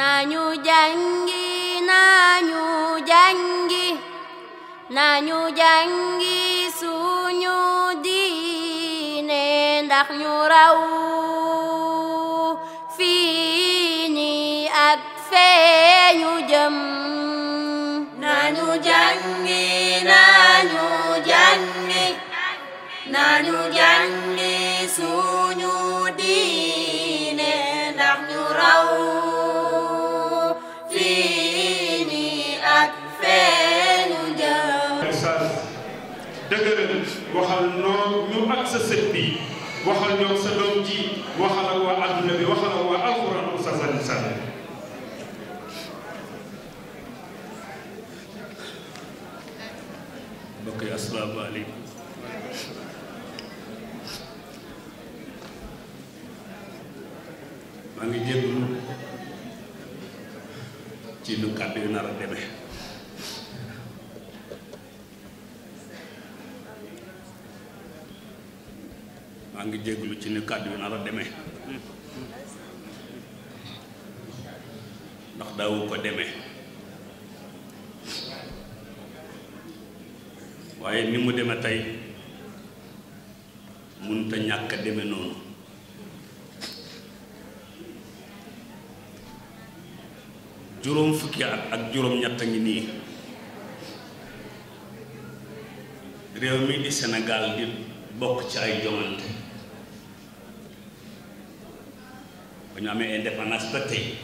nañu jàngi nañu jàngi nañu jàngi suñu diine ndax ñu raw fii ni ak fee ñu jëm nañu jàngi nañu jàngi nañu jàngi bii waxal ñoom sa doom ji waxal ak waa waa alxuraan u sasani sànni mbokk yi asalaamaaleykum maa ngi jégalu ci nu kàddu yu nar a demee maa ngi jégalu ci ni kàddu bi nar a demee ndax daawu ko demee waaye ni mu demee tey mënut a ñàkk a demee noonu juróom fukki ak juróom-ñett a ngi nii réew mi di Sénégal di bokk ci ay jongante ñu amee indépendance ba tey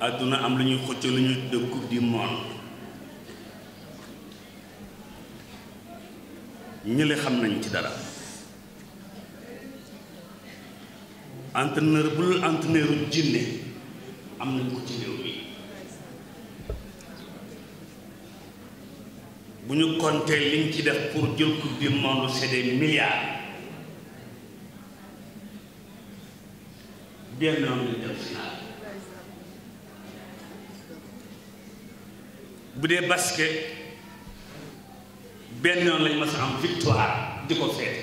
àdduna am lu ñuy xëccoo lu ñuy tuddee coupe du monde ñële xam nañ ci dara entraîneur bu dul entraîneur am nañ ko ci réew mi bu ñu compter liñ ci def pour jël coupe du monde c'est des benn am na dem final bu dee basket benn yoon lañ mas a am victoire di ko feete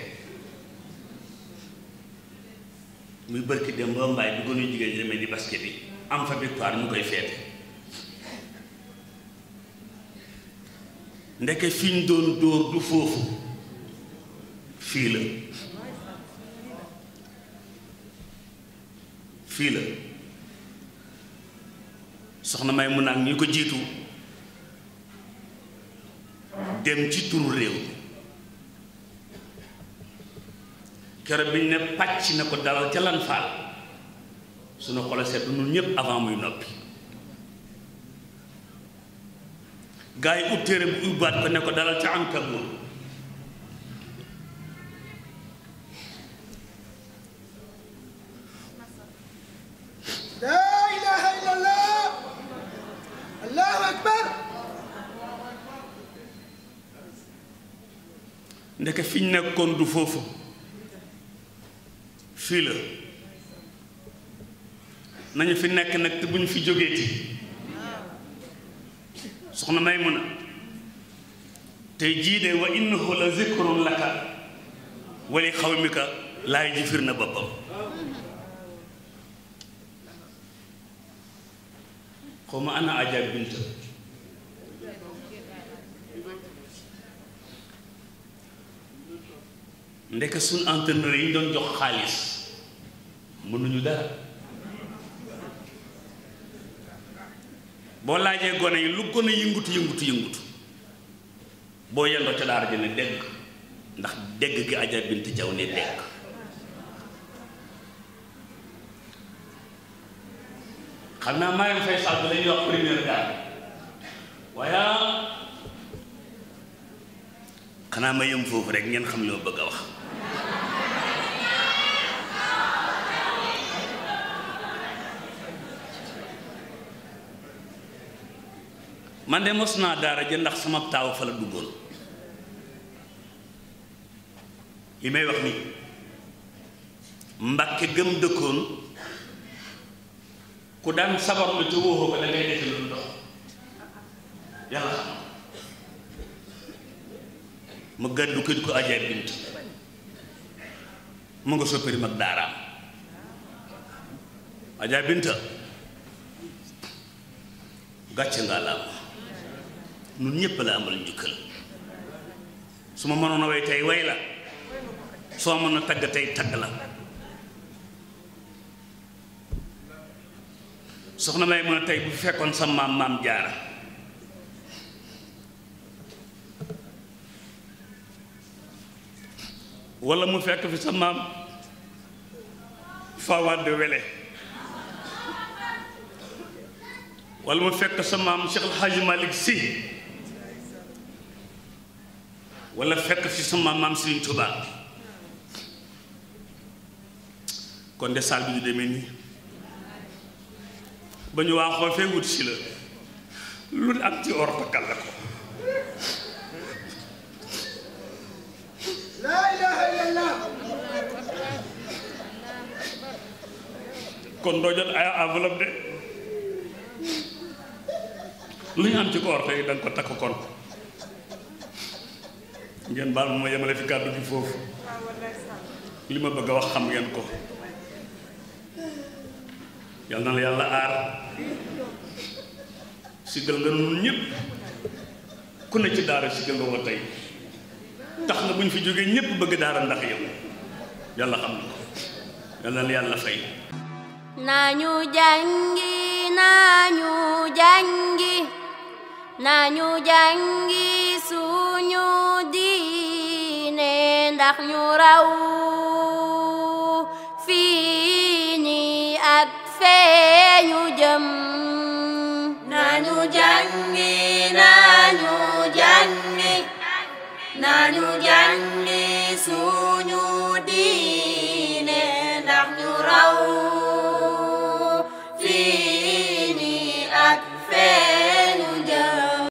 muy bërki dem ba mbaay bi gën a jigéen ñi demee di basket bi am fa victoire ñu koy feete ndeke fi ñu doon dóor du foofu fii la fii la soxna may mun naan ñu ko jiitu dem ci turu réew keroog bi ñu ne pàcc na ko dalal ca lan faal suñu xolo du ñun ñépp avant muy noppi gaa yi ut téere bi ubbaat ko ne ko dalal ca am kabul ndeke fi ñu nekkoon du foofu fii la nañu fi nekk nag te bu ñu fi jógeeti soxna Maymuna tey jii de wa innahu la zikrun laka wa li xawmika laay jifir na boppam xaw ma ana ajar Binta ndek suñ entraîneur yi doon jox xaalis mënuñu dara boo laajee gone yi lu gone yëngutu yëngutu yëngutu boo yendoo ca daara ji ne dégg ndax dégg gi Adja Binta Jaw ne dégg xam naa Marième Faye Sall la wax première dame waaye xanaa ma yëm foofu rek ngeen xam loo bëgg a wax man de mos naa daara jën ndax sama taaw fa la duggoon li may wax ni Mbàkke gëm dëkkoon ku dan sabar lu te wóoxoo ko da ngay defe lu dox ma gàddu ko ko ajaay bint mu nga soppari mag daaraam ajaay binta gàcc nga la ma nun ñépp la amal njukkal su ma mënoon a way tey way la soo mën a tagg tey tagg la soxna may mën a tey bu fekkoon sa maam maam jaara wala mu fekk fi sa maam Fawade Wele wala mu fekk sa maam Cheikh El Hadj Malick Sy wala fekk fi sa maam maam Serigne Touba kon de saal bi du demee nii. ba ñu waaxoo fee wut si la lu ne am ci or la ko laa kon doo jot ay de lu ñu am ci koor tey danga ko takk kon ngeen baal ma yemale fi kàddu gi foofu li ma bëgg a wax xam ngeen ko yal na la yàlla aar sigal nga nun ñëpp ku ne ci daara sigal nga tey tax na bu ñu fi jógee ñëpp bëgg daara ndax yow yàlla xam na ko yal na la yàlla fay nañu jàngi nañu jàngi nañu ndax ñu raw fii yu jëm nañu jàngi nañu jàngi nañu jàngi